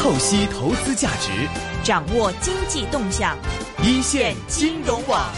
透析投資價值，掌握經濟動向，一線金融網。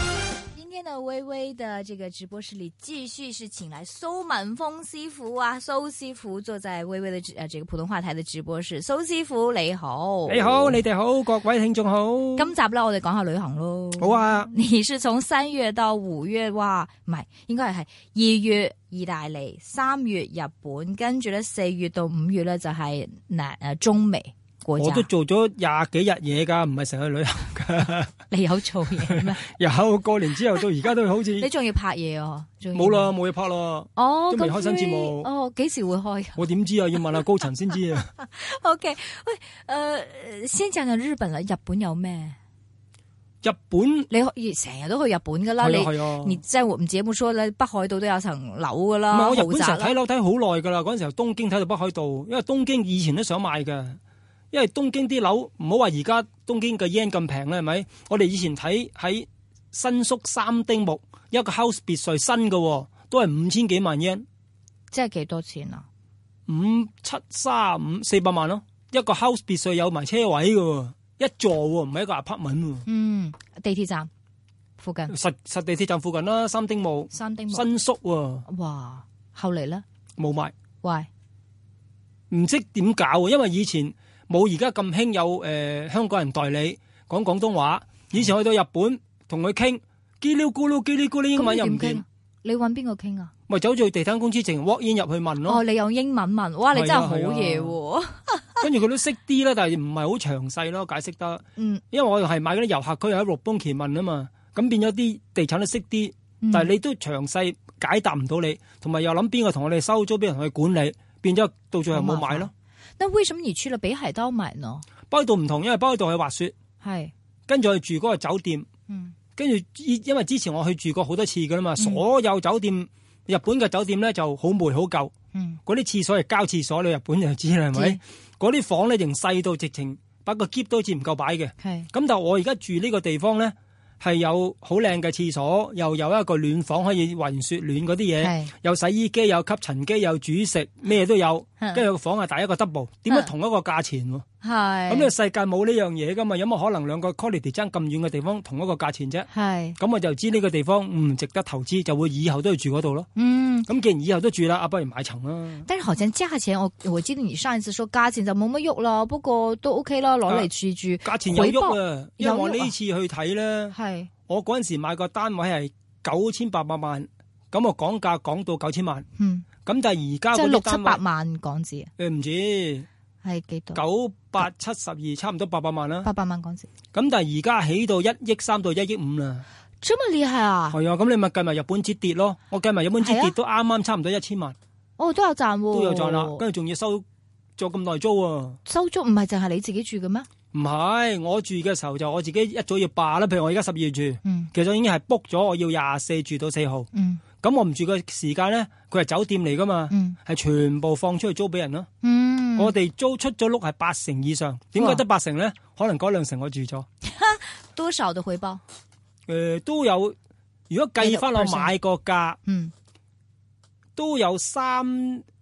今天的微微的這個直播室裏，繼續是請來蘇民峰師傅啊，蘇師傅坐在微微的直呃這個普通話台的直播室，蘇師傅，你好，你好，你哋好，各位聽眾好。今集咧，我哋講下旅行咯。好啊，你是從三月到五月哇？唔係，應該係係二月意大利，三月日本，跟住咧四月到五月咧就係南呃中美。我都做咗廿幾日嘢噶，唔係成日去旅行噶。 你有做嘢咩？有 過年之後到而家都好似 你仲要拍嘢哦，冇啦，冇嘢拍喎。哦，咁開新節目哦，幾時會開？我點知啊？要問下高層先知啊。O K，喂，誒，先講日本啦。日本有咩？日本你成日都去日本噶啦，啊，你即係我唔知有冇說北海道都有層樓噶啦。我日本成日睇樓睇好耐噶啦。嗰陣時候東京睇到北海道，因為東京以前都想買㗎。因為東京啲樓唔好話而家東京嘅 yen 咁平咧，係咪？我哋以前睇喺新宿三丁目一個 house 別墅新嘅，都係五千幾萬 yen。即係幾多錢啊？五七三五四百萬咯，一個 house 別墅有埋車位嘅，一座喎，唔係一個 apartment。嗯，地鐵站附近。實實地鐵站附近啦，三丁目。三丁新宿喎。哇，後嚟咧冇賣。喂，唔識點搞，因為以前。冇而家咁興有誒香港人代理講廣東話，以前去到日本同佢傾，嘰哩咕嚕嘰哩咕嚕，英文又唔掂。你揾邊個傾啊？咪走去地產公司直情 walk in 入去問咯。哦，你用英文問，哇，你真係好嘢喎！跟住佢都識啲啦，但係唔係好詳細咯，解釋得。嗯。因為我係買嗰啲遊客區喺六邦奇問啊嘛，咁變咗啲地產都識啲，但係你都詳細解答唔到你，同埋又諗邊個同我哋收租，邊個去管理，變咗到最後冇買咯。那為什麼你去了北海道買呢？北海道唔同，因為北海道去滑雪，係跟住去住嗰個酒店，嗯，跟住因為之前我去住過好多次噶啦嘛、嗯，所有酒店日本嘅酒店咧就好霉好舊，嗯，嗰啲廁所係交廁所，你日本就知啦，係咪？嗰啲房咧，仍細到直情把個篋都好似唔夠擺嘅，係。咁但係我而家住呢個地方咧，係有好靚嘅廁所，又有一個暖房可以混雪暖嗰啲嘢，有洗衣機、有吸塵機、有煮食，咩都有。跟住、嗯、個房係大一個 double，點解同一個價錢？嗯係咁，呢個世界冇呢樣嘢噶嘛，有冇可能兩個 quality 爭咁遠嘅地方同一個價錢啫？係咁我就知呢個地方唔值得投資，就會以後都要住嗰度咯。嗯，咁既然以後都住啦，啊，不如買層啦。但係好似價錢，我我知道你上一次說價錢就冇乜喐啦，不過都 OK 啦，攞嚟住住。價，啊、錢有喐啊，因為我呢次去睇咧，係，啊、我嗰陣時買個單位係九千八百萬，咁我講價講到九千萬。咁，嗯、但係而家即係六七百萬港紙啊？唔、欸、止，係幾多九？八七十二，差唔多八百萬啦。八百萬港幣。咁但係而家起到一億三到一億五啦。咁厲害啊！係啊，咁你咪計埋日本之跌咯。我計埋日本之跌、啊、都啱啱差唔多一千萬。哦，都有賺喎、哦。都有賺啦，跟住仲要收咗咁耐租啊。收租唔係淨係你自己住嘅咩？唔係，我住嘅時候就我自己一早要霸啦。譬如我而家十二月住，嗯、其實已經係 book 咗，我要廿四住到四號。嗯咁我唔住嘅時間咧，佢係酒店嚟噶嘛，係、嗯、全部放出去租俾人咯、啊嗯。我哋租出咗碌係八成以上，點解得八成咧、哦？可能嗰兩成我住咗。多少嘅回報？誒、呃，都有。如果計翻我買個價、這個，嗯，都有三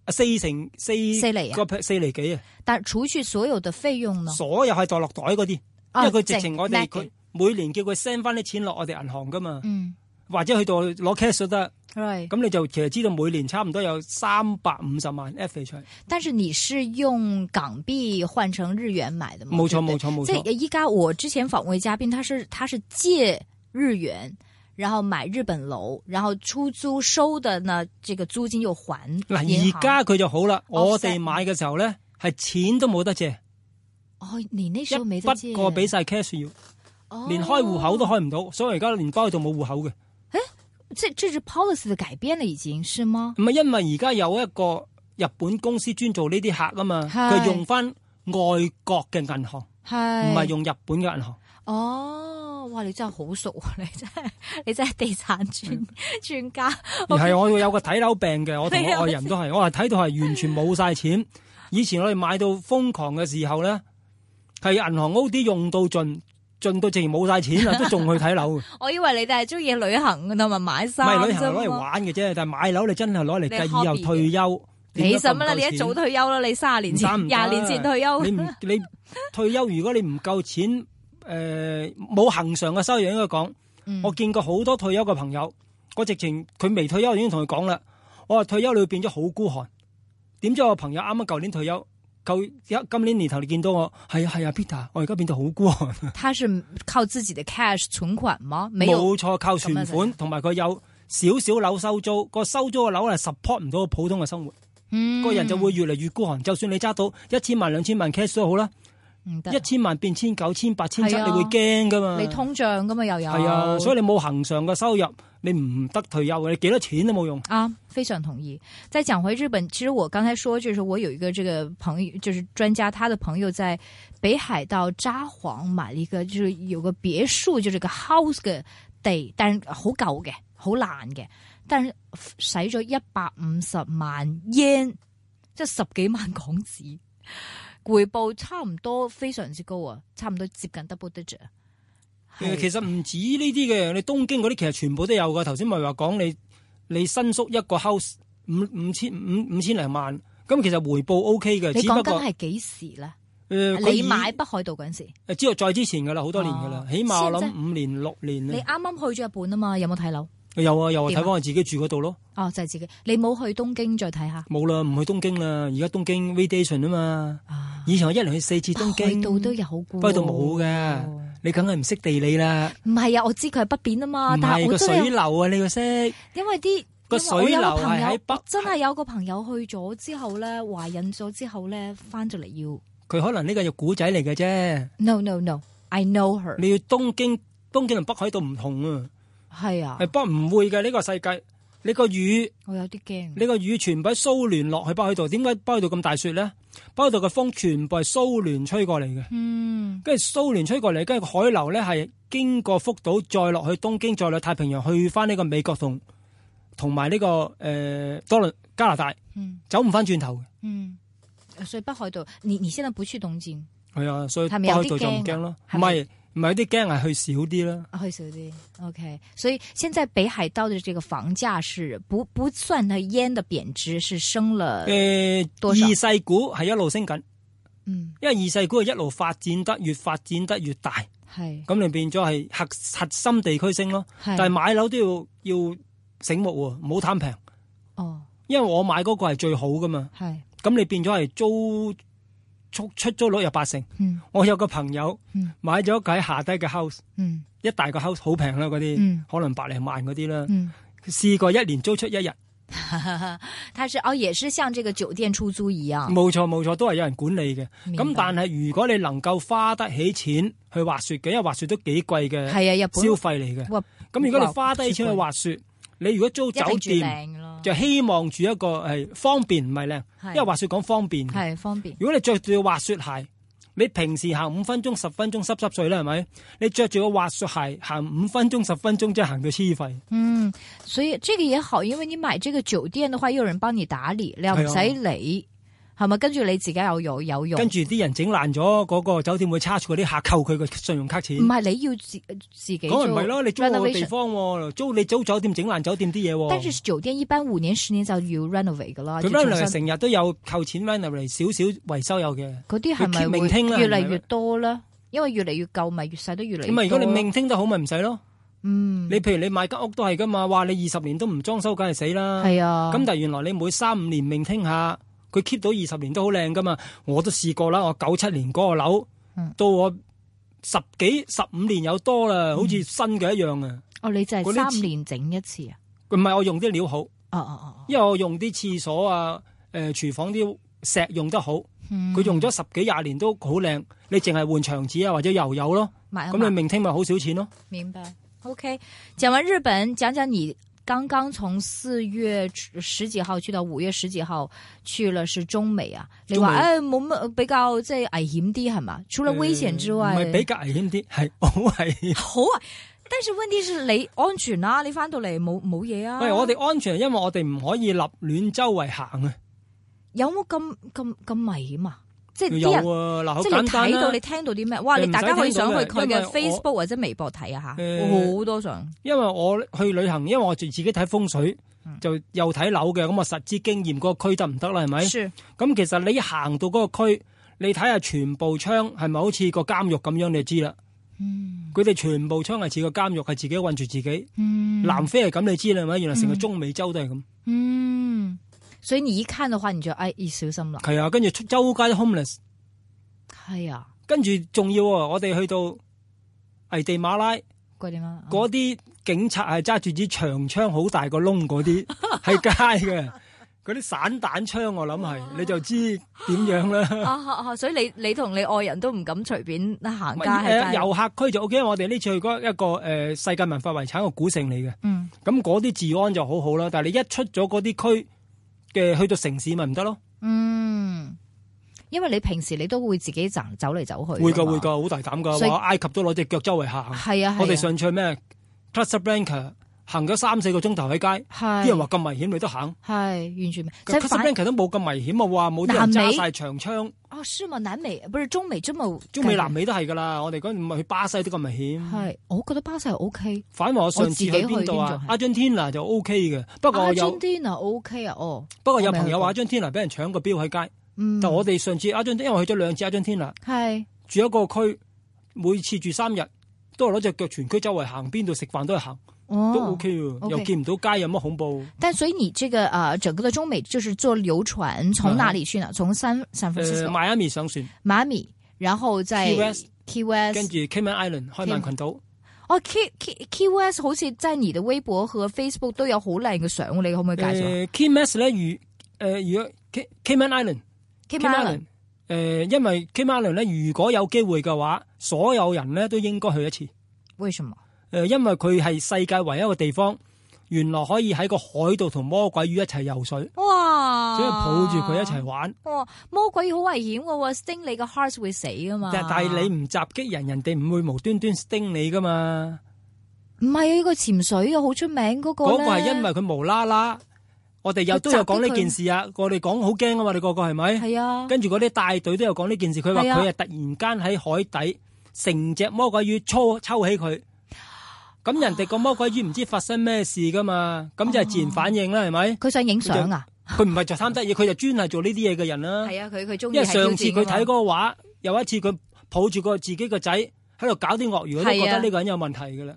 四成四四厘啊四厘幾啊。幾但係除去所有嘅費用呢？所有係在落袋嗰啲、哦，因為佢直情我哋佢每年叫佢 send 翻啲錢落我哋銀行噶嘛，嗯，或者去到攞 cash 都得。咁、right. 你就其實知道每年差唔多有三百五十萬 f 出去，但是你是用港幣換成日元買的嗎？冇錯冇錯冇錯。即係依家我之前訪問嘉賓，他是他是借日元，然後買日本樓，然後出租收的呢，這個租金又還。嗱，而家佢就好啦。Oh, 我哋買嘅時候咧，係、right. 錢都冇得借。哦、oh，你那時候沒得借。不過俾晒 cash 要，oh. 連開戶口都開唔到，所以而家連包都冇戶口嘅。即這即是 p o l i c y e 改變了已經是嗎？唔係，因為而家有一個日本公司專做呢啲客啊嘛，佢用翻外國嘅銀行，唔係用日本嘅銀行。哦，哇！你真係好熟，你真係你真係地產專專家。而係我有個睇樓病嘅，我同我愛人都係， 我係睇到係完全冇晒錢。以前我哋買到瘋狂嘅時候咧，係銀行 O 啲用到盡。進到自冇晒錢啦，都仲去睇樓。 我以為你哋係中意旅行同埋買衫。唔係旅行攞嚟玩嘅啫，但係買樓你真係攞嚟計以後退休。幾十蚊啦，你一早退休啦，你卅年前、廿、啊、年前退休。你你退休，如果你唔夠錢，誒、呃，冇恒常嘅收入，應該講，我見過好多退休嘅朋友，我直情佢未退休已經同佢講啦，我話退休你會變咗好孤寒。點知我朋友啱啱舊年退休。舊一今年年頭，你見到我係啊係啊，Peter，我而家變到好孤寒。他是靠自己嘅 cash 存款嗎？冇錯，靠存款，同埋佢有少少樓收租個收租個樓係 support 唔到個普通嘅生活，嗯，個人就會越嚟越孤寒就算你揸到一千萬兩千萬 cash 都好啦，唔得，一千萬變千九千八千七，你會驚噶嘛？你通脹噶嘛又有係啊，所以你冇恒常嘅收入。你唔得退休嘅，你幾多錢都冇用。啊，非常同意。再講回日本，其實我剛才說，就是我有一個這個朋友，就是專家，他的朋友在北海道札幌買一個，就是有個別墅，就是、這個 house 嘅地，但係好舊嘅，好爛嘅，但係使咗一百五十萬 yen 即係十幾萬港紙，回報差唔多非常之高啊，差唔多接近 double digit。嗯、其實唔止呢啲嘅，你東京嗰啲其實全部都有噶。頭先咪話講你你新宿一個 house 五五千五五千零萬，咁其實回報 O K 嘅。只不過係幾時咧？誒、呃，你買北海道嗰陣時誒，即係再之前噶啦，好多年噶啦、啊，起碼我諗五年、啊、六年。你啱啱去咗日本啊嘛？有冇睇樓？有啊，有啊，又睇翻我自己住嗰度咯。哦，就係、是、自己。你冇去東京再睇下？冇啦，唔去東京啦。而家東京 vacation 啊嘛。以前我一年去四次東京。北海道都有嘅。北海道冇嘅。你梗係唔識地理啦？唔係啊，我知佢係北邊啊嘛，啊但係個水流啊，你要識。因為啲個水流係喺北，真係有個朋友去咗之後咧，懷孕咗之後咧，翻咗嚟要。佢可能呢個係個古仔嚟嘅啫。No no no，I know her。你要東京，東京同北海道唔同啊。係啊，係不過唔會嘅呢個世界。你個雨，我有啲驚。你個雨全部喺蘇聯落去北海道，點解北海道咁大雪咧？北海道嘅風全部係蘇聯吹過嚟嘅。嗯，跟住蘇聯吹過嚟，跟住海流咧係經過福島再落去東京，再落太平洋去翻呢個美國同同埋呢個誒多倫加拿大。嗯，走唔翻轉頭嘅。嗯，所以北海道你你先得保持凍漸。係啊，所以北海道就唔驚咯。唔係，啊。唔係啲驚係去少啲啦、啊，去少啲，OK。所以現在北海道的這個房價是不不算呢煙的貶值，是升啦。誒、呃，二世古係一路升緊，嗯，因為二世古係一路發展得越發展得越大，係咁你變咗係核核心地區升咯，但係買樓都要要醒目喎，唔好貪平哦，因為我買嗰個係最好噶嘛，係咁你變咗係租。租出租率有八成，嗯、我有個朋友買咗喺下低嘅 house、嗯、一大個 house 好平啦，嗰、嗯、啲可能百零萬嗰啲啦，試過一年租出一日。他是哦，也是像這個酒店出租一樣，冇錯冇錯，都係有人管理嘅。咁但係如果你能夠花得起錢去滑雪嘅，因為滑雪都幾貴嘅，係啊，消費嚟嘅。咁如果你花得起錢去滑雪。你如果租酒店，就希望住一個係方便唔係靚。因為滑雪講方，方便，如果你着住滑雪鞋，你平時行五分鐘、十分鐘濕濕碎啦，係咪？你着住個滑雪鞋行五分鐘、十分鐘，即係行到黐肺。嗯，所以這個也好，因為你買這個酒店的話，又有人幫你打理，你唔使理。係咪跟住你自己有用有用？跟住啲人整爛咗嗰個酒店，會 charge 啲客戶扣佢嘅信用卡錢。唔係你要自自己嗰個唔係咯，你租地方、哦 Renovation? 租你租酒店整爛酒店啲嘢、哦。跟住酒店一般五年十年就要 renovate 噶啦。咁原來成日都有扣錢 run 少少維修有嘅。嗰啲係咪明聽越嚟越多啦？因為越嚟越舊，咪越使都越嚟。咁啊，如果你命聽得好，咪唔使咯。嗯。你譬如你買間屋都係㗎嘛，話你二十年都唔裝修，梗係死啦。係啊。咁但係原來你每三五年命聽下。佢 keep 到二十年都好靚噶嘛，我都試過啦。我九七年嗰個樓、嗯，到我十幾十五年有多啦、嗯，好似新嘅一樣啊。哦，你就係三年整一次啊？佢唔係，我用啲料好。哦哦哦，因為我用啲廁所啊、誒、呃、廚房啲石用得好，佢、嗯、用咗十幾廿年都好靚。你淨係換牆紙啊，或者油油咯，咁你明聽咪好少錢咯。明白。OK，講完日本講講你。剛剛從四月十幾號去到五月十幾號去了，是中美啊？美你話，誒，冇乜比較，即係危險啲係嘛？除咗危險之外，係、呃、比較危險啲係好危險，好啊？但是問題是你安全啦、啊，你翻到嚟冇冇嘢啊？喂，我哋安全，因為我哋唔可以立亂周圍行啊！有冇咁咁咁危險啊？即係你啊！即係睇到、啊啊、到你聽到啲咩？哇！你大家可以上去佢嘅 Facebook 或者微博睇下好、呃、多種。因為我去旅行，因為我自己睇風水，就又睇樓嘅，咁我實踐經驗嗰、那個區得唔得啦？係咪？咁其實你一行到嗰個區，你睇下全部窗係咪好似個監獄咁樣，你就知啦。佢、嗯、哋全部窗係似個監獄，係自己困住自己。嗯，南非係咁，你知啦？係咪？原來成個中美洲都係咁。嗯。嗯。所以你一看的話，你就唉，要小心啦。係啊，跟住周街 homeless，係啊。跟住仲要啊，我哋去到危地馬拉嗰啲啊，嗰啲警察係揸住支長槍，好大個窿嗰啲係街嘅，嗰啲散彈槍我諗係， 你就知點樣啦。 啊所以你你同你愛人都唔敢隨便行街係。遊、呃、客區就 OK， 我哋呢次去嗰一個誒、呃、世界文化遺產個古城嚟嘅。嗯。咁嗰啲治安就好好啦，但係你一出咗嗰啲區。嘅去到城市咪唔得咯，嗯，因為你平時你都會自己走嚟走去，會噶會噶，好大膽噶，所以埃及都攞隻腳周圍行，係啊係、啊、我哋上唱咩？Casablanca 行咗三四個鐘頭喺街，啲人話咁危險，你都行係完全沒。其實都冇咁危險啊，話冇啲人揸晒長槍。啊，蘇美南美，不如中美中中美，中美南美都係噶啦。我哋嗰唔係去巴西都咁危險。係，我覺得巴西係 O K。反為我上次去邊度啊？阿張天娜就 O K 嘅，不過阿張天娜 O K 啊，哦、okay?Oh, 不過有朋友話張天娜俾人搶個錶喺街，但我哋上次阿張天，因為我去咗兩次阿張天娜，係住一個區，每次住三日，都係攞隻腳全區周圍行，邊度食飯都係行。.哦、都 OK，哦、又見唔到街、okay、有乜恐怖？但所以你這個啊、呃，整個中美就是做流船，從哪裏去呢？從、嗯、三阿、呃、上船，馬咪，然後再 k y 跟住 k y m a l n 開曼群島。哦 k y s 好似在你的微博和 Facebook 都有好靚嘅相，你可唔可以介紹？k y s 咧，如誒、呃，如果 k y m a i s l a n d y Island，誒，因為 k y m a Island 咧，如果有機會嘅話，所有人咧都應該去一次。為什麼？誒，因為佢係世界唯一個地方，原來可以喺個海度同魔鬼魚一齊游水，哇！所以抱住佢一齊玩。哇！魔鬼魚好危險噶，sting 你個 heart 會死噶嘛？但係你唔襲擊人，人哋唔會無端端 sting 你噶嘛？唔係啊，呢個潛水啊，好出名嗰個嗰、嗰個係因為佢無啦啦，我哋又都有講呢件事啊。我哋講好驚啊嘛？你個個係咪？係啊。跟住嗰啲大隊都有講呢件事，佢話佢係突然間喺海底成隻魔鬼魚抽抽起佢。咁人哋個魔鬼魚唔知發生咩事噶嘛，咁就係自然反應啦，係、哦、咪？佢想影相啊！佢唔係着衫得意，佢就專係做呢啲嘢嘅人啦。係啊，佢佢中意。因為上次佢睇嗰個畫，有 一次佢抱住個自己個仔喺度搞啲鱷魚，佢都、啊、覺得呢個人有問題噶啦。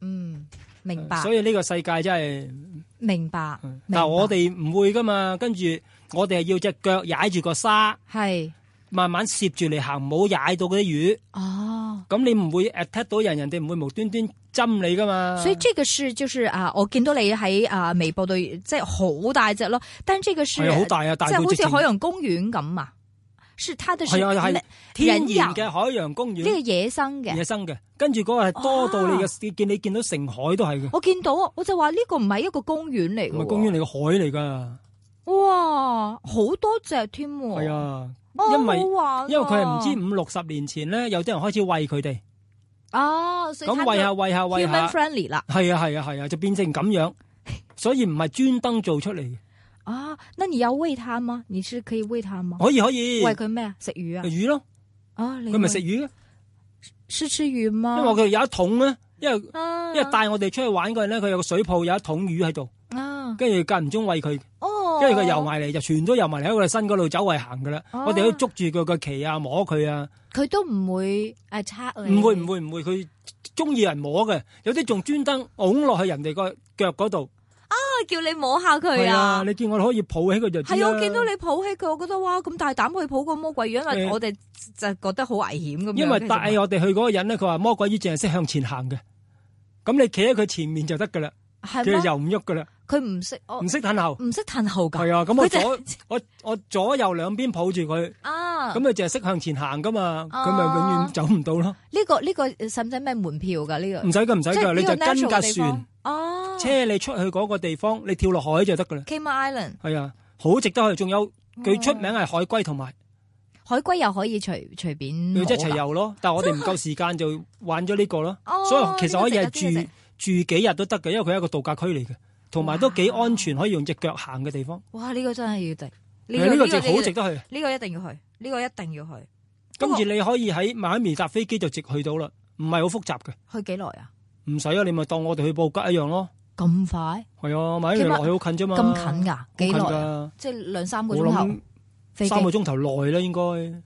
嗯，明白。所以呢個世界真係明白。嗱，但我哋唔會噶嘛，跟住我哋係要隻腳踩住個沙。係。慢慢攝住你行，唔好踩到嗰啲魚。哦，咁你唔會誒踢到人，人哋唔會無端端針你噶嘛。所以呢個事就係啊，我見到你喺啊微博度，即係好大隻咯。但係呢個是好大啊，大到即係好似海洋公園咁啊，是它的係啊係天然嘅海洋公園，呢、這個野生嘅野生嘅，跟住嗰個係多到你嘅見、哦、你見到成海都係嘅。我見到，我就話呢個唔係一個公園嚟，嘅唔係公園嚟嘅海嚟噶。哇，多隻啊啊哦，好多隻添，係啊，因為因為佢係唔知五六十年前咧，有啲人開始餵佢哋啊，咁餵下餵下餵下 human friendly 啦，係啊係啊係啊，就變成咁樣，所以唔係專登做出嚟啊，哦。那你要餵它嗎？你是可以餵它嗎？可以可以餵佢咩啊？食魚啊？魚咯，啊，哦，佢咪食魚是？是吃魚嗎？因為佢有一桶咧，因為，啊，因為帶我哋出去玩嘅人咧，佢有個水泡，有一桶魚喺度跟住間唔中餵佢。因為佢游埋嚟就全都游埋嚟喺我哋身嗰度走位行噶啦，我哋都捉住佢個鰭啊摸佢啊，佢都唔會 attack 你，唔會唔會唔會，佢中意人摸嘅，有啲仲專登拱落去人哋個腳嗰度啊，叫你摸下佢啊，你見我可以抱起佢就係我見到你抱起佢，我覺得哇咁大膽去抱個魔鬼魚，因為我哋就覺得好危險咁。因為帶我哋去嗰個人咧，佢話魔鬼魚淨係識向前行嘅，咁你企喺佢前面就得噶啦。係，跟住又唔喐噶啦。佢唔識，我唔識褪後，唔識褪後噶。係啊，咁我左我我左右兩邊抱住佢。啊，咁佢淨係識向前行噶嘛，佢咪永遠走唔到咯。呢個呢個使唔使咩門票噶？呢個唔使噶，唔使噶，你就跟架船。哦，車你出去嗰個地方，你跳落海就得噶啦。Cayman Island，係啊，好值得去。仲有佢出名係海龜同埋海龜又可以隨隨便即係一齊游咯。但係我哋唔夠時間就玩咗呢個咯。所以其實可以係住。住幾日都得嘅，因為佢係一個度假區嚟嘅，同埋都幾安全，可以用隻腳行嘅地方。哇！呢、這個真係要、這個這個、值，呢、這個值好值得去。呢、這個一定要去，呢、這個一定要去。跟住你可以喺馬耳他搭飛機就直去到啦，唔係好複雜嘅。去幾耐啊？唔使啊，你咪當我哋去布吉一樣咯。咁快？係啊，馬耳他落去好近啫嘛。咁近噶？幾耐啊？近即係兩三個鐘頭。三個鐘頭內啦，應該。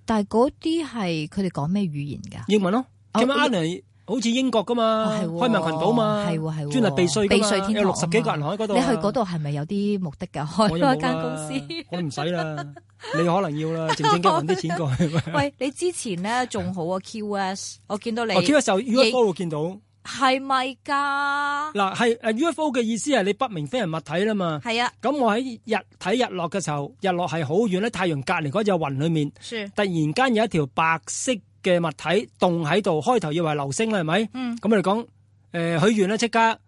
但係嗰啲係佢哋講咩語言噶？英文咯。咁好似英國噶嘛，哦哦、開曼群島嘛，係喎係喎，專避稅避稅天有六十幾個人喺嗰度。你去嗰度係咪有啲目的㗎？開開間公司，我唔使啦， 啦 你可能要啦， 靜靜間揾啲錢過去。 喂，你之前咧仲好啊 ，Q S，我見到你。哦、Q S 候 U F O 會見到，係咪㗎？嗱 U F O 嘅意思係你不明飛行物體啦嘛。係啊。咁我喺日睇日落嘅時候，日落係好遠咧，太陽隔離嗰隻雲裡面，突然間有一條白色。嘅物體動喺度，開頭以為流星啦，係咪？咁我哋講，誒，許願啦，即刻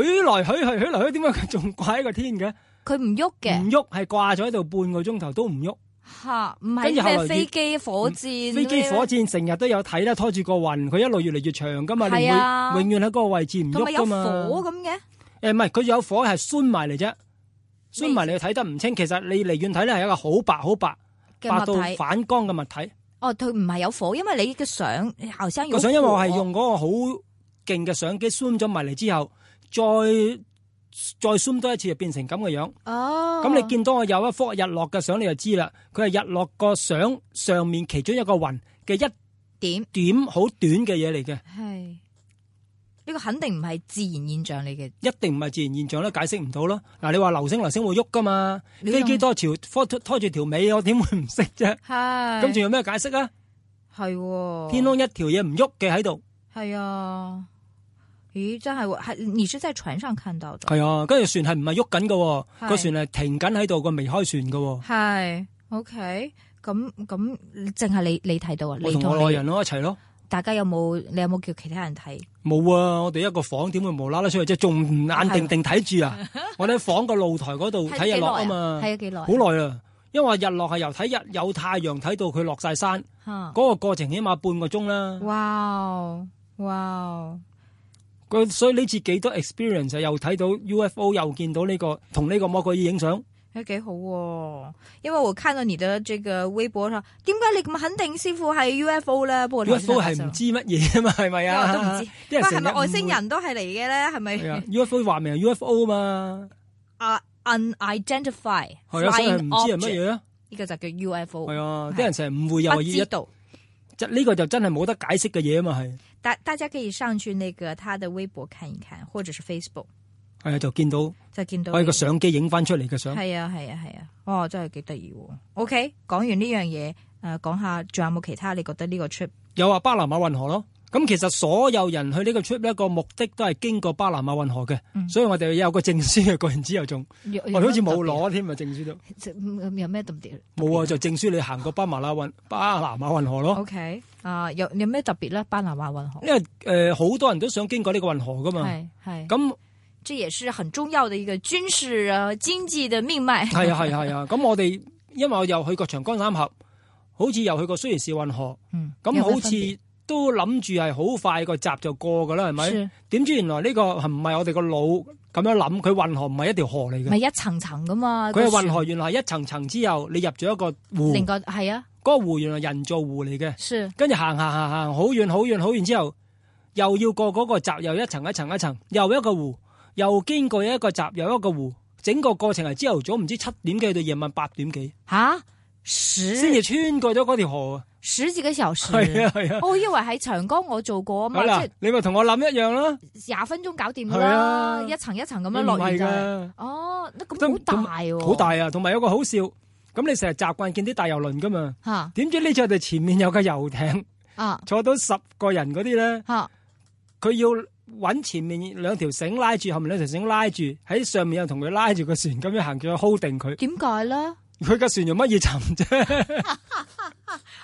許來許去許來許，點解佢仲掛喺個天嘅？佢唔喐嘅，唔喐，係掛咗喺度半個鐘頭都唔喐。吓，唔係咩飛機火箭？飛機火箭成日都有睇啦，拖住個雲，佢一路越嚟越長噶嘛，你唔會永遠喺嗰個位置唔喐噶嘛？火咁嘅？誒，唔係，佢有火係酸埋嚟啫，酸埋你睇得唔清。其實你離遠睇咧，係一個好白好白，白到反光嘅物體。哦，佢唔係有火，因為你嘅相後生，個相因為我係用嗰個好勁嘅相機 zoom 咗埋嚟之後，再再 zoom 多一次就變成咁嘅樣。哦，咁你見到我有一幅日落嘅相，你就知啦。佢係日落個相上面其中一個雲嘅一點點好短嘅嘢嚟嘅。係。呢、這個肯定唔係自然現象嚟嘅，一定唔係自然現象都解釋唔到咯。嗱、啊，你話流星流星會喐噶嘛？飛機多條拖住條尾，我點會唔識啫？係。咁仲有咩解釋啊？係。天空一條嘢唔喐嘅喺度。係啊。咦，真係，係你是在船上看到嘅？係啊，跟住船係唔係喐緊嘅？個船係停緊喺度，個未開船嘅。係。OK，咁咁，淨係你你睇到啊？你同我愛人咯一齊咯。大家有冇？你有冇叫其他人睇？冇啊！我哋一個房點會無啦啦出去？即係仲眼定定睇住啊！ 我哋喺房個露台嗰度睇日落啊嘛，睇咗幾耐？好耐啊！因為日落係由睇日有太陽睇到佢落晒山嗰、嗯嗰個過程，起碼半個鐘啦。哇哇！佢所以呢次幾多 experience 又睇到 UFO，又見到呢、呢個同呢個魔鬼影相。誒，幾好喎，啊！因為我看到你的這個微博上，話點解你咁肯定師傅係 UFO 咧？不過 UFO 係唔知乜嘢啊嘛，係咪啊？啲、哦、唔知，啲人成日外星人都係嚟嘅咧，係 咪？UFO 話明 UFO 啊嘛，啊 unidentified 唔知係乜嘢啊？呢、這個就叫 UFO，係啊！啲人成日誤會又唔知道，即呢個就真係冇得解釋嘅嘢啊嘛，係。大大家可以上去呢個他的微博看一看，或者是 Facebook。係啊，就見到，就見到，我個相機影翻出嚟嘅相。係啊係啊係啊，哦，真係幾得意喎！OK，講完呢樣嘢，誒，講下仲有冇其他？你覺得呢個 trip？有啊，巴拿馬運河咯，咁其實所有人去呢個 trip 一個目的都係經過巴拿馬運河嘅，所以我哋有個證書，個銀子之後仲，我哋好似冇攞添啊，證書都，有咩特別？冇啊，就證書你行過巴拿馬運巴拿馬運河咯。OK，啊，有有咩特別咧？巴拿馬運河，因為誒，好多人都想經過呢個運河噶嘛，係係咁。這也是很重要的一個軍事啊經濟的命脈。係 啊，係啊，係啊。咁我哋因為我又去過長江三峽，好似又去過，蘇彝士運河，嗯，咁好似都諗住係好快個閘就過噶啦，係咪？點知原來呢個係唔係我哋個腦咁樣諗？佢運河唔係一條河嚟嘅，係一層層噶嘛。佢係運河，原來係一層層之後，你入咗一個湖，係啊，嗰，那個湖原來人造湖嚟嘅，跟住行行行行好遠好遠，好遠，好，遠好遠之後，又要過嗰個閘，又一層一層一層，一層，一層又一個湖。又經過一個閘，又一個湖，整個過程係朝頭早唔知七點幾到夜晚八點幾，吓、啊、數，先至穿過咗嗰條河，十幾個小時，係啊，係啊，我、啊哦、以為喺長江，我做過啊嘛、就是，你咪同我諗一樣啦，廿分鐘搞掂噶啦，一層一層咁樣落去，哦，咁好大，好大啊，同埋、啊、有個好笑，咁你成日習慣見啲大遊輪噶嘛，點知呢隻我哋前面有架遊艇，啊，坐到十個人嗰啲咧，佢要。搵前面兩條繩拉住，後面兩條繩拉住，喺上面又同佢拉住個船，咁樣行住 hold 定佢。點解咧？佢個船用乜嘢沉啫？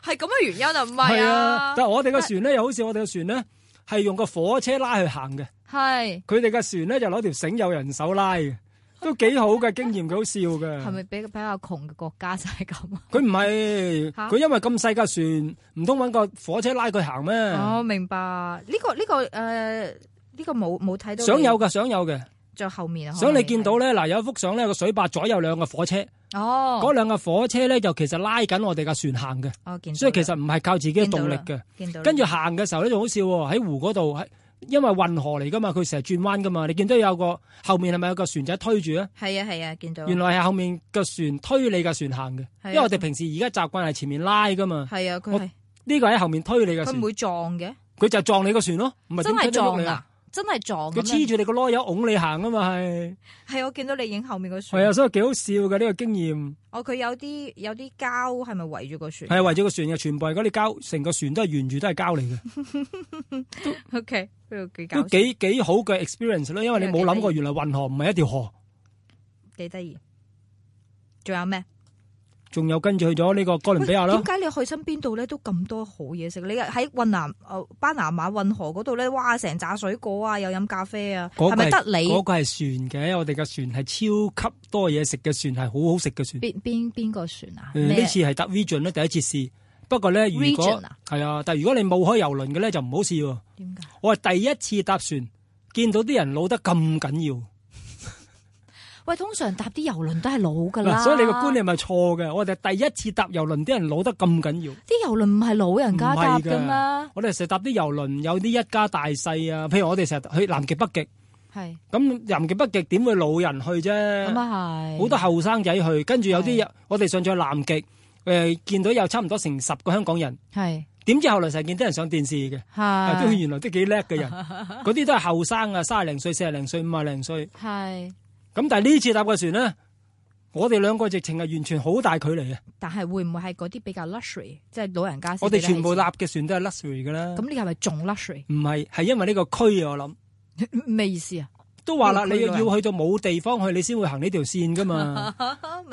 係咁嘅原因就唔係啊？但係我哋個船咧，又好似我哋個船咧，係用，火用 是是 個火車拉去行嘅。係佢哋嘅船咧，就攞條繩有人手拉嘅，都幾好嘅經驗，佢好笑嘅。係咪比比較窮嘅國家就係咁啊？佢唔係，佢因為咁細架船，唔通搵個火車拉佢行咩？我明白呢、這個呢、這個誒。呃呢、這個冇冇睇到。想有嘅，想有嘅，在後面啊。想你見到咧，嗱有一幅相咧，個水壩左右有兩個火車哦。嗰兩個火車咧，就其實拉緊我哋架船行嘅。哦，見到。所以其實唔係靠自己嘅動力嘅。見到，見到。跟住行嘅時候咧，就好笑喎、哦。喺湖嗰度，喺因為運河嚟噶嘛，佢成日轉彎噶嘛。你見到有個後面係咪有個船仔推住咧？係啊係啊，見到。原來係後面個船推你個船行嘅、啊，因為我哋平時而家習慣係前面拉噶嘛。係啊，佢係呢個係喺後面推你嘅。佢唔會撞嘅，佢就撞你個船咯，唔係真係撞噶、啊。真係撞，佢黐住你個籮柚，拱你行啊嘛係。係我見到你影後面個船。係啊，所以幾好笑嘅呢個經驗。哦，佢有啲有啲膠係咪圍住個船？係圍住個船嘅，全部係嗰啲膠，成個船都係沿住都係膠嚟嘅。O K，呢個幾幾幾好嘅 experience 咯，因為你冇諗過，原來運河唔係一條河。幾得意，仲有咩？仲有跟住去咗呢個哥倫比亞咯。點解你去親邊度咧都咁多好嘢食？你喺雲南、呃、巴拿馬運河嗰度咧，哇，成扎水果啊，又飲咖啡啊，係咪得你？嗰、嗰個係船嘅，我哋嘅船係超級多嘢食嘅船，係好好食嘅船。邊邊邊個船啊？呢、嗯、次係搭 Vision 咧，第一次試。不過咧，如果係啊，啊，但係如果你冇開遊輪嘅咧，就唔好試。點解？我係第一次搭船，見到啲人老得咁緊要。喂，通常搭啲遊輪都係老噶啦，所以你個觀念咪錯嘅。我哋第一次搭遊輪，啲人老得咁緊要。啲遊輪唔係老人家搭噶咩？我哋成日搭啲遊輪，有啲一家大細啊。譬如我哋成日去南極、北極，係咁南極、北極點會老人去啫？咁啊係，好多後生仔去，跟住有啲人我哋上咗南極，誒見到有差唔多成十個香港人，係點知後來成日見啲人上電視嘅，係都原來都幾叻嘅人，嗰啲都係後生啊，三十零歲、四十零歲、五十零歲，係。咁但係呢次搭嘅船咧，我哋兩個直情係完全好大距離啊。但係會唔會係嗰啲比較 luxury，即係老人家？我哋全部搭嘅船都係 luxury 噶啦。咁呢個係咪仲 luxury？唔係，係因為呢個區啊我諗。咩意思啊？都話啦，你要去到冇地方去，你先會行呢條線噶嘛。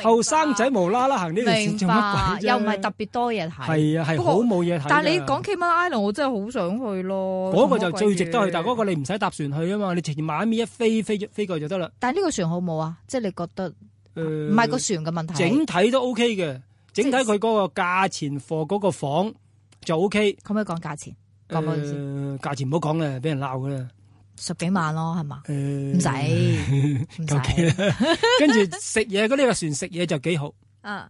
後生仔無啦啦行條呢條線做乜，又唔係特別多嘢睇。係啊，係好冇嘢睇。但係你講 Cayman Island，我真係好想去咯。嗰、嗰個就最值得去，但係嗰個你唔使搭船去啊嘛，你直接買咪一飛飛飛過去就得啦。但係呢個船好冇啊、呃？即係你覺得？唔係個船嘅問題。整體都 OK 嘅，整體佢嗰個價錢、貨嗰個房就 OK。可唔可以講價錢？價、呃、錢唔好講嘅，俾人鬧嘅。十幾萬咯，係嘛？呃，唔使，唔使。唔使 跟住食嘢，呢個船食嘢就幾好。啊，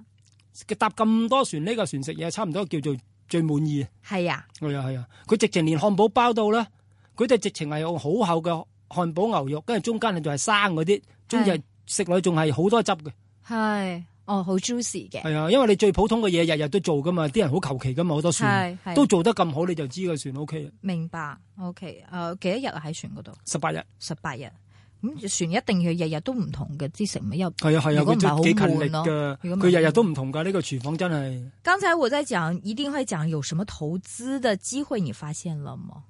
佢搭咁多船呢，這個船食嘢，差唔多叫做最滿意。係啊，係啊，係啊。佢直情連漢堡包到咧，佢哋直情係用好厚嘅漢堡牛肉，跟住中間係仲係生嗰啲，中就食落仲係好多汁嘅。係。哦，好 juicy 嘅。係啊，因為你最普通嘅嘢日日都做噶嘛，啲人好求其噶嘛，好多船都做得咁好，你就知個船 OK。明白，OK。誒、呃，幾多日啊喺船嗰度？十八日。十八日。咁船一定要日日都唔同嘅啲食物，又係啊係啊，如果唔係好勤力咯。佢日日都唔同噶呢、這個廚房真係。剛才我在講，一定會講有什麼投資嘅機會，你發現了嗎？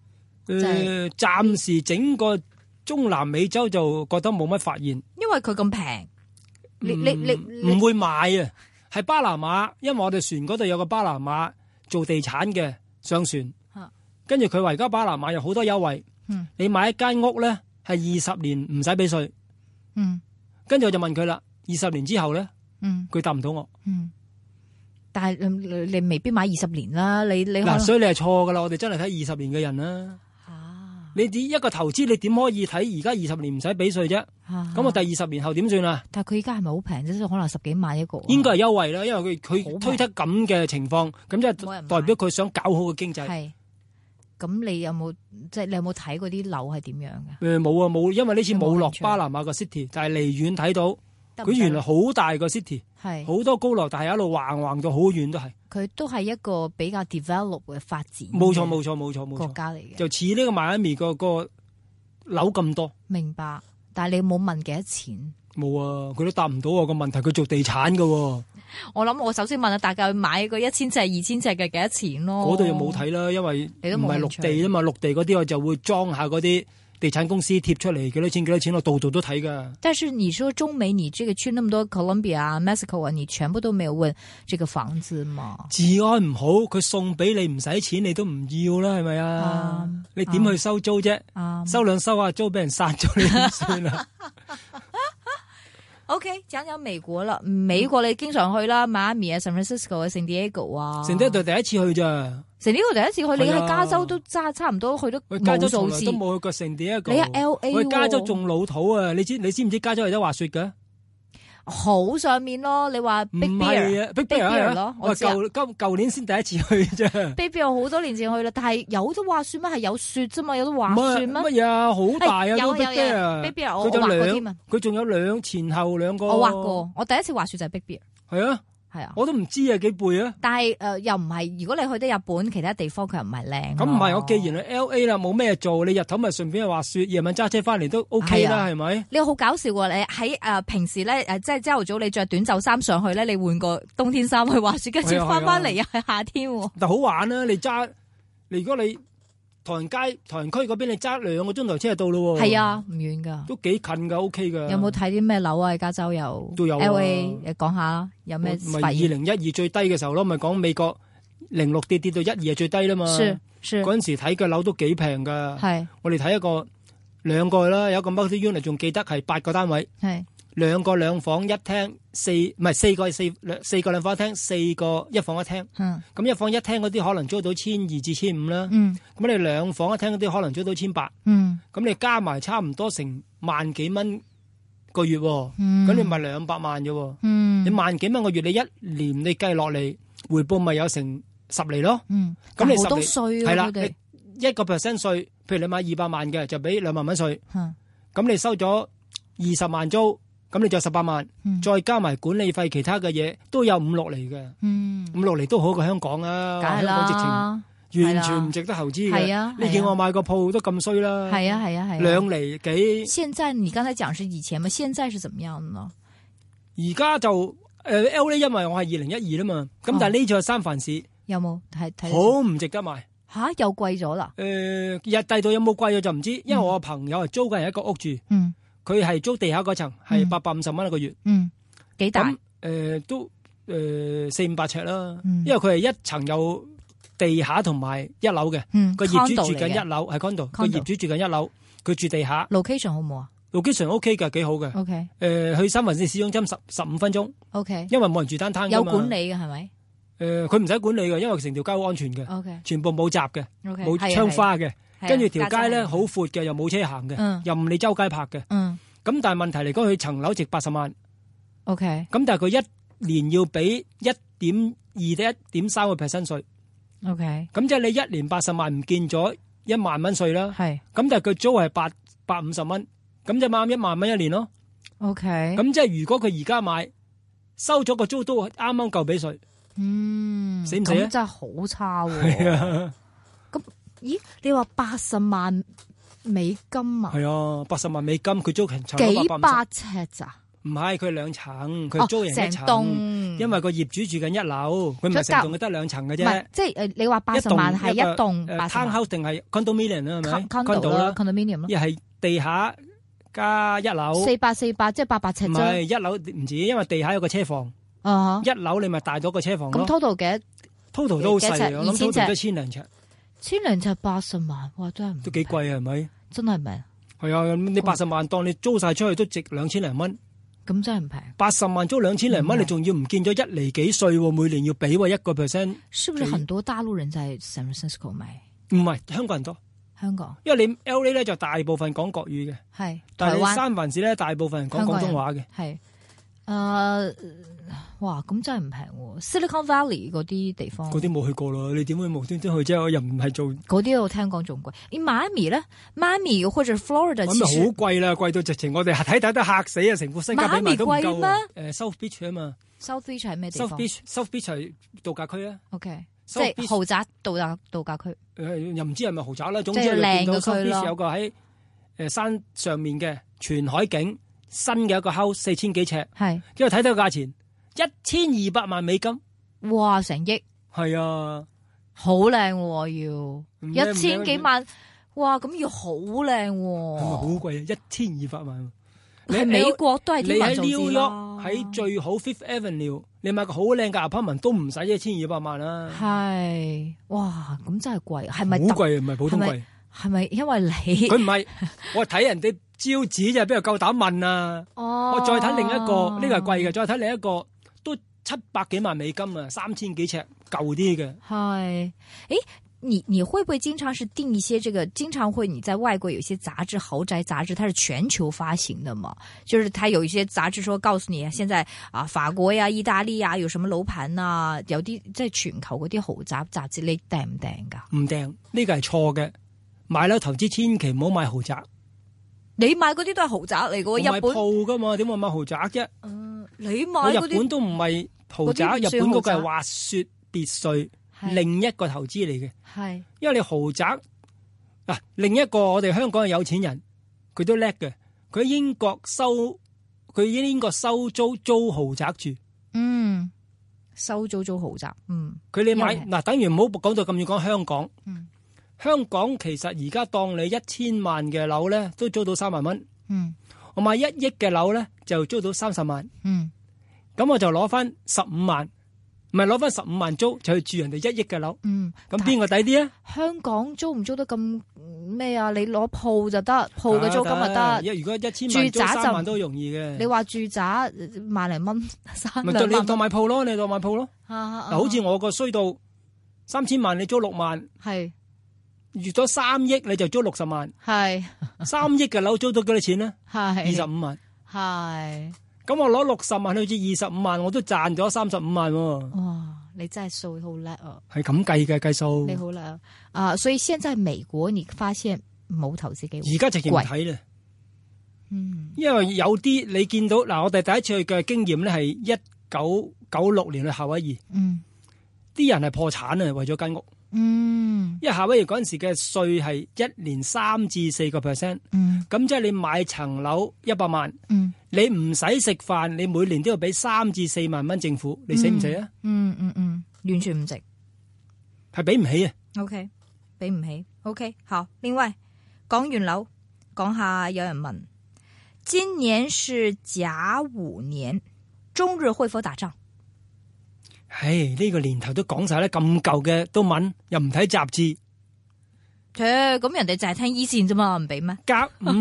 誒、呃就是，暫時整個中南美洲就覺得冇乜發現，因為佢咁平。你你你唔、嗯、會買啊，係巴拿馬，因為我哋船嗰度有個巴拿馬做地產嘅上船，跟住佢話而家巴拿馬有好多優惠、嗯，你買一間屋咧，係二十年唔使俾稅，跟、嗯、住我就問佢啦，二十年之後咧，佢答唔到我。嗯嗯、但係你，你未必買二十年啦，你你嗱、啊，所以你係錯噶啦，我哋真係睇二十年嘅人啦。啊你點一個投資？你點可以睇而家二十年唔使俾稅啫？咁、啊、我第二十年後點算啊？但係佢而家係咪好平啫？可能十幾萬一個、啊。應該係優惠啦，因為佢佢推出咁嘅情況，咁即係代表佢想搞好個經濟。係。咁你有冇即係你有冇睇嗰啲樓係點樣噶？誒、嗯，冇啊冇，因為呢次冇落巴拿馬個 city，但係離遠睇到。佢原來好大個 city，係好多高樓，但係一路橫橫咗好遠都係。佢都係一個比較 develop 嘅發展錯。冇錯冇錯冇錯，國家嚟嘅。就似呢個 Miami 個個樓咁多。明白，但係你冇問幾多錢？冇啊，佢都答唔到我個問題。佢做地產㗎喎、哦。我諗我首先問下大家，買個一千尺、二千尺嘅幾多錢咯？嗰度又冇睇啦，因為你都唔係陸地啊嘛，陸地嗰啲我就會裝下嗰啲。.地產公司貼出嚟幾多錢幾多錢，我度度都睇噶。但是你說中美，你這個區那麼多 Colombia 啊、Columbia, Mexico 啊，你全部都沒有問這個房子嘛？治安唔好，佢送俾你唔使錢，你都唔要啦，係咪啊？Um, 你點去收租啫？Um, 收兩收啊，租俾人殺咗你算啦 OK，講講美國啦，美國你經常去啦，Miami、嗯、啊、San Francisco 啊、San Diego 啊，成都第一次去咋？成呢個第一次去，你喺加州都揸差唔多去、啊、加州都州做嘅，都冇去過成年一個。你喺 L A，喂，加州仲老土啊！你知你知唔知加州有得滑雪嘅？好上面咯，你話 Big Bear，Big Bear 咯。我舊今舊年先第一次去啫。Big Bear 好多年前去啦，但係有得滑雪咩？係有雪啫嘛，有得滑雪咩？乜嘢啊？好大啊有！有！Big Bear，Big Bear，我啊！佢仲有兩前後兩個，我滑過，我第一次滑雪就係 Big Bear。係啊。係啊，我都唔知啊幾倍啊！但係誒、呃、又唔係，如果你去得日本其他地方，佢又唔係靚。咁唔係我既然去 L A 啦，冇咩做，你日頭咪順便去滑雪，夜晚揸車翻嚟都 O K 啦，係咪、啊？你好搞笑喎、啊！你喺誒、呃、平時咧誒，即係朝頭早你着短袖衫上去咧，你換個冬天衫去滑雪，跟住翻翻嚟又係夏天、啊。啊啊、 但好玩啦、啊，你揸你如果你。唐人街、唐人區嗰邊你、哦，你揸兩個鐘頭車就到咯喎。係啊，唔遠噶。都幾近噶，OK 噶。有冇睇啲咩樓啊？加州有？都有啊。誒，講下有咩發現？咪二零一二最低嘅時候咯，咪講美國零六跌跌到一二係最低啦嘛。是是。嗰陣時睇嘅樓都幾平噶。係。我哋睇一個兩個啦，有個 multi-unit，仲記得係八個單位。係。兩個兩房一廳四唔係四個四四個兩房一廳四個一房一廳，咁一房一廳嗰啲可能租到千二至千五啦。咁你兩房一廳嗰啲可能租到千八。咁你加埋差唔多成萬幾蚊個月，咁你唔係兩百萬啫。你萬幾蚊個月，你一年你計落嚟回報咪有成十厘咯？咁你十多稅啊？佢哋一個 percent 稅，譬如你買二百萬嘅就俾兩萬蚊稅。咁你收咗二十萬租。咁你就十八萬、嗯，再加埋管理費、其他嘅嘢，都有五六厘嘅、嗯。五六厘都好過香港好啊！梗係啦,啦，完全唔值得投資。係啊，你見我買個鋪都咁衰啦。係啊係啊係。兩厘、啊啊、幾。現在你剛才講是以前嘛？現在是怎麼樣呢？而家就誒，L 呢？因為我係二零一二啦嘛。咁但係呢座係三藩市，有冇睇？好唔值得買？吓，又貴咗啦。誒，日帝度有冇貴咗就唔知，因為我朋友係租緊一個屋住。嗯佢係租地下嗰層係八百五十蚊一個月，嗯，幾大誒，都誒四五百尺啦。因為佢係一層有地下同埋一樓嘅，個業主住緊一樓喺 condo，個業主住緊一樓，佢住地下。location 好唔好啊？location O K 嘅，幾好嘅。誒，去三環線市中心十十五分鐘。O K，因為冇人住單攤嘅嘛。有管理嘅係咪？誒，佢唔使管理嘅，因為成條街好安全嘅。O K，全部冇閘嘅，冇窗花嘅，跟住條街咧好闊嘅，又冇車行嘅，又唔理周街泊嘅。咁但係問題嚟講，佢層樓值八十萬，OK。咁但係佢一年要俾一點二到一點三個 percent 稅，OK。咁即係你一年八十萬唔見咗一萬蚊稅啦，係。咁但係佢租係八百五十蚊，咁即係啱啱一萬蚊一年咯，OK。咁即係如果佢而家買，收咗個租都啱啱夠俾稅，嗯，死唔死啊？真係好差喎。係啊。咁，咦？你話八十萬？美金嘛啊！係啊，八十萬美金，佢租層幾百尺、啊。咋？唔係，佢兩層，佢租人成棟，因為個業主住緊一樓，佢唔係成棟，佢得兩層嘅啫。即係誒，你話八十萬係一棟 townhouse 定係 condominium 啊？condo 啦，condominium 咯。一係、呃、地下加一樓，四百四百，即係八百尺。即係，一樓唔止，因為地下有個車房。啊、uh -huh.！一樓你咪大咗個車房咁 total 嘅 total 都好細啊，我諗 total 一千零尺。千零就係八十萬，哇，真係都幾貴啊，係咪？真係咪？係啊，你八十萬當你租晒出去都值兩千零蚊，咁真係唔平。八十萬租兩千零蚊，你仲要唔見咗一厘幾稅？每年要俾喎一個 percent。是不是很多大陸人在 San Francisco 買？唔係香港人多，香港，因為你 LA 咧就大部分講國語嘅，係，但係你三藩市咧大部分人講廣東話嘅，係。啊、呃，哇！咁真係唔平喎，Silicon Valley 嗰啲地方，嗰啲冇去過咯，你點會無端端去啫？又唔係做嗰啲，我，那些我聽講仲貴。馬尼咧，馬尼或者 Florida，咁咪好貴啦，貴到直情我哋睇睇都嚇死啊！成副身價媽咪埋都唔、呃、s o u t h Beach 啊嘛 s o u a c 咩地方？South b e a c h s o u a 係度假區啊。OK，Beach，豪宅度假度假區。呃、又唔知係咪豪宅啦，總之又見到 s o u 有個喺山上面嘅全海景。新嘅一個 house 四千幾尺，係因為睇睇個價錢一千二百萬美金，哇成億係啊，好靚、啊、要一千幾萬，哇咁要好靚、啊，好貴啊一千二百萬，喺美國你你都係天文數字啦。喺 New York 喺最好 Fifth Avenue，你買個好靚嘅 apartment 都唔使一千二百萬啦。係哇，咁真係貴，係咪好貴唔係普通貴？係咪因為你佢唔係我睇人哋。 招紙就邊度夠膽問啊！哦、我再睇另一個呢、這個係貴嘅，再睇另一個都七百幾萬美金啊，三千幾尺，舊啲嘅。係，誒，你你會唔會經常是訂一些這個？經常會你在外國有些雜誌，豪宅雜誌，它是全球發行的嘛？就是它有一些雜誌說，告訴你現在啊，法國呀、啊、意大利呀、啊、有什麼樓盤啊，有啲即係全球嗰啲豪宅雜誌，你訂唔訂噶？唔訂，呢、這個係錯嘅。買樓投資，千祈唔好買豪宅。你買嗰啲都係豪宅嚟噶，日本。唔係鋪噶嘛，點會買豪宅啫？嗯，你買嗰啲，我日本都唔係豪宅，日本嗰個係滑雪別墅，另一個投資嚟嘅。係，因為你豪宅嗱，另一個我哋香港嘅有錢人，佢都叻嘅，佢喺英國收，佢喺英國收租租豪宅住。嗯，收租租豪宅。嗯，佢你買嗱，等於唔好講到咁遠，講香港。嗯。香港其實而家當你一千萬嘅樓咧，都租到三萬蚊。嗯，我買一億嘅樓咧，就租到三十萬。嗯，咁我就攞翻十五萬，咪攞翻十五萬租就去住人哋一億嘅樓。嗯，咁邊個抵啲啊？香港租唔租得咁咩啊？你攞鋪就得，鋪嘅租金又得。一如果一千萬租三萬都容易嘅。你話住宅萬零蚊三兩萬。咪就留到買鋪咯，你當買鋪咯。嗱，好似我個衰到三千萬，你租六萬。係。預咗三億，你就租六十萬，係三億嘅樓租到幾多錢咧？係二十五萬，係咁我攞六十萬去至二十五萬，我都賺咗三十五萬。哇，你真係數好叻啊！係咁計嘅計數。你好叻，啊，所以現在美國你發現冇投資機會，而家直情唔睇啦。嗯，因為有啲你見到嗱，我哋第一次去嘅經驗咧，係一九九六年去夏威夷，嗯，啲人係破產啊，為咗間屋。嗯，因為夏威夷嗰陣時嘅稅係一年三至四個 percent，嗯，咁即係你買層樓一百萬，嗯，你唔使食飯，你每年都要俾三至四萬蚊政府，你值唔值啊？嗯嗯嗯，嗯，嗯，完全唔值，係俾唔起啊。OK，俾唔起。OK，好。另外，講完樓，講下有人問：今年是甲午年，中日會否打仗？唉，呢個年頭都講晒咧，咁舊嘅都問，又唔睇雜誌。切，咁人哋就係聽依綫啫嘛，唔俾咩？隔五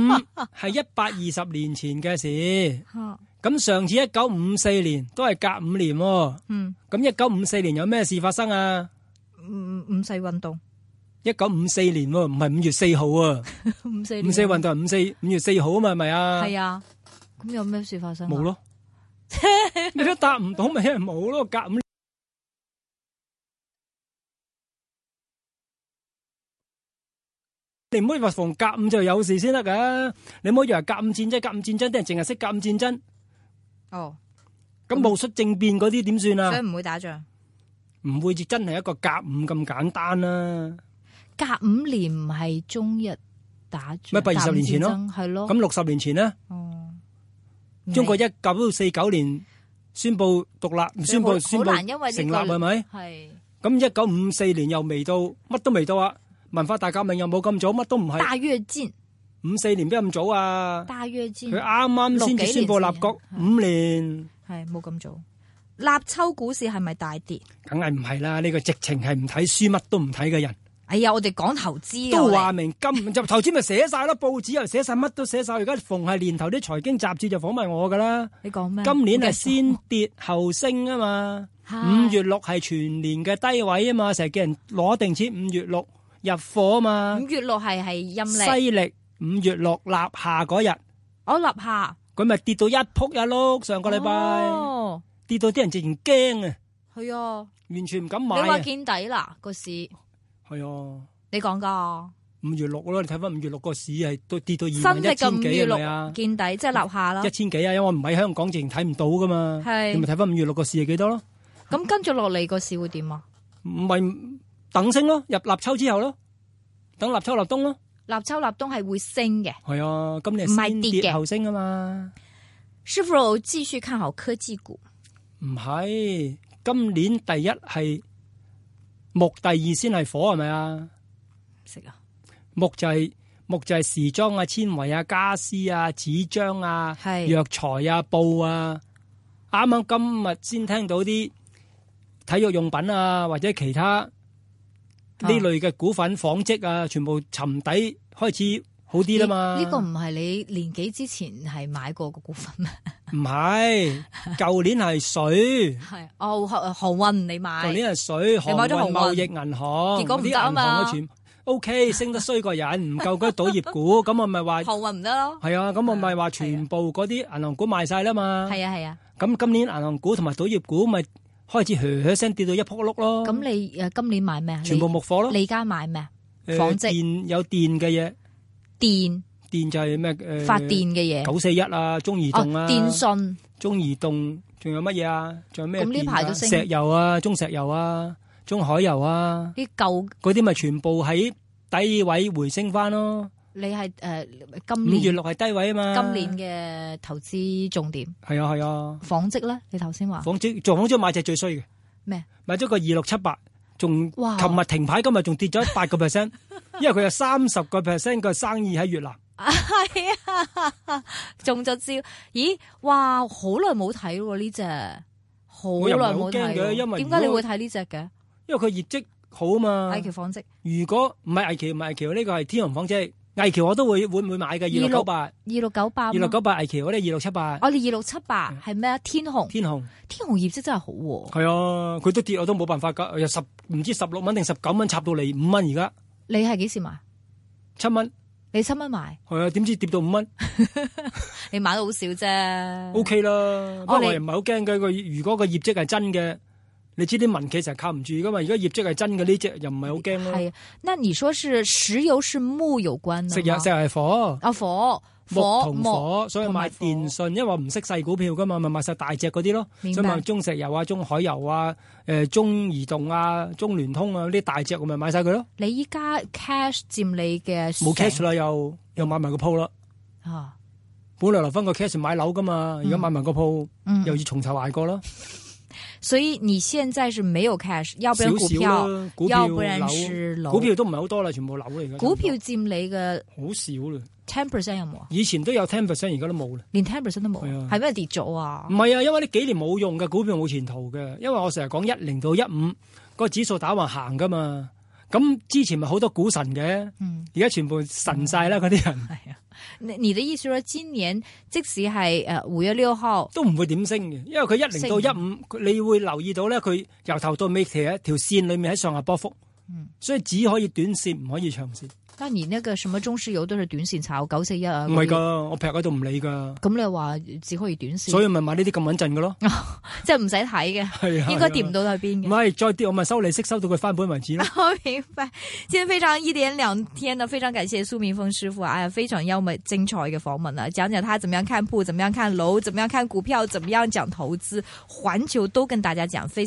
係一百二十年前嘅事。咁上次一九五四年都係隔五年喎。嗯。咁一九五四年有咩事發生啊？五五四運動。一九五四年唔係五月四號啊？五四五四運動係五四五月四號啊嘛，係咪啊？係啊。咁有咩事發生？冇咯。你都答唔到咪？冇咯，隔五。你唔可以話逢甲午就有事先得噶，你唔可以認為甲午戰爭、甲午戰爭啲人淨係識甲午戰爭。哦，咁戊戌政變嗰啲點算啊？所以唔會打仗，唔會就真係一個甲午咁簡單啦。甲午年唔係中日打仗，咪八十年前咯，係咯。咁六十年前咧，哦，中國一九四九年宣布獨立，宣布宣布成立係咪？係。咁一九五四年又未到，乜都未到啊！文化大革命又冇咁早，乜都唔係大躍進五四年邊咁早啊？大躍進佢啱啱先至宣布立國年、啊、五年係冇咁早。立秋股市係咪大跌？梗係唔係啦。呢、這個直情係唔睇書，乜都唔睇嘅人。哎呀，我哋講投資都話明今，今就投資咪寫晒咯。寫 報紙又寫晒，乜都寫晒。而家逢係年頭啲財經雜誌就訪問我噶啦。你講咩？今年係先跌後升啊？嘛五月六係全年嘅低位啊？嘛成日叫人攞定錢五月六。入貨啊嘛！五月六係係陰歷西歷五月六立夏嗰日，我、哦、立夏，佢咪跌到一仆一碌。上個禮拜、哦、跌到啲人直情驚啊！係啊，完全唔敢望。你話見底啦個市，係啊，你講噶、啊、五月六咯，你睇翻五月六個市係跌到二萬一千幾係咪啊？見底即係立夏啦，一千幾啊！因為我唔喺香港，直情睇唔到噶嘛。係你咪睇翻五月六個市係幾多咯？咁跟住落嚟個市會點啊？唔 係。等升咯，入立秋之後咯，等立秋立冬咯。立秋立冬係會升嘅，係啊，今年唔係跌後升啊嘛。師傅，繼續看好科技股？唔係今年第一係木，第二先係火，係咪啊？識啊，木就係、是、木就係時裝啊、纖維啊、家私啊、紙張啊、藥材啊、布啊。啱啱今日先聽到啲體育用品啊，或者其他。呢類嘅股份、紡織啊，全部沉底開始好啲啦嘛。呢個唔係你年幾之前係買過嘅股份咩？唔係，舊年係水。係哦，航運你買。舊年係水，航運、貿易銀行。結果點啊？O K，升得衰過人，唔夠嗰啲賭業股，咁我咪話。航運唔得咯。係啊，咁我咪話全部嗰啲銀行股賣晒啦嘛。係啊係啊。咁今年銀行股同埋賭業股咪？開始嘘嘘聲跌到一仆碌咯。咁你誒今年買咩啊？全部木火咯。你而家買咩啊？電有電嘅嘢。電電就係咩？誒，發電嘅嘢。九四一啊，中移動啊。電信。中移動，仲有乜嘢啊？仲有咩？咁呢排都升。石油啊，中石油啊，中海油啊。啲舊嗰啲咪全部喺低位回升翻咯。你係誒、呃、今年五月六係低位啊嘛，今年嘅投資重點係啊係啊，紡織咧？你頭先話紡織做紡織買隻最衰嘅咩？買咗個二六七八，仲琴日停牌，今日仲跌咗八個 percent，因為佢有三十個 percent 嘅生意喺越南。係啊，中咗招？咦，哇，好耐冇睇呢隻，好耐冇見嘅，因為點解你會睇呢隻嘅？因為佢業績好啊嘛，魏橋紡織。如果唔係魏橋，唔係魏橋呢個係天虹紡織。毅橋我都會會唔會買嘅？二六九八，二六九八，二六九八魏橋，我哋二六七八，我哋二六七八係咩啊？天虹，天虹，天虹業績真係好喎。係啊，佢都跌我都冇辦法噶，又十唔知十六蚊定十九蚊插到嚟五蚊而家。你係幾時買？七蚊，你七蚊買？係啊，點知跌到五蚊？ 你買得好少啫。O K 啦，不過我唔係好驚嘅，如果個業績係真嘅。你知啲民企實靠唔住噶嘛？如果業績係真嘅呢隻又唔係好驚咯。係，那你說是石油是木有關？石油石油係火，阿、啊、火,火木同火木，所以買電信，因為我唔識細股票噶嘛，咪買晒大隻嗰啲咯。明白。所以買中石油啊、中海油啊、誒、呃、中移動啊、中聯通啊呢啲大隻，我咪買晒佢咯。你依家 cash 占你嘅冇 cash 啦，又又買埋個鋪啦。啊，本來留翻個 cash 買樓噶嘛，而、嗯、家買埋個鋪、嗯，又要重頭捱過囉。所以你現在是沒有 cash，要不然股票，小小啊、股票要不然是樓，樓樓股票都唔係好多啦，全部樓嚟嘅。股票占你嘅好少啦，ten percent 有冇啊？以前都有 ten percent，而家都冇啦，連 ten percent 都冇，係咩跌咗啊？唔係啊，啊，因為呢幾年冇用嘅，股票冇前途嘅，因為我成日講一零到一五，個指數打橫行噶嘛。咁之前咪好多股神嘅，而、嗯、家全部神晒啦嗰啲人。係啊，你你嘅意思話今年即使係誒五月六號都唔會點升嘅，因為佢一零到一五，你會留意到咧，佢由頭到尾其實一條線裏面喺上下波幅、嗯，所以只可以短線唔可以長線。當你那個什麼中石油都是短線炒九四一啊，唔係噶，我劈喺度唔理噶。咁你話只可以短線，所以咪買呢啲咁穩陣噶咯，即係唔使睇嘅，應該跌唔到去邊嘅。唔係、啊啊、再跌我咪收利息，收到佢翻本為止。我 明白，今天非常一連兩天呢非常感謝蘇民峰師傅啊，非常幽默精彩嘅訪問啊，講講他怎麼樣看鋪，怎麼樣看樓，怎麼樣看股票，怎麼樣講投資，環球都跟大家講，非常。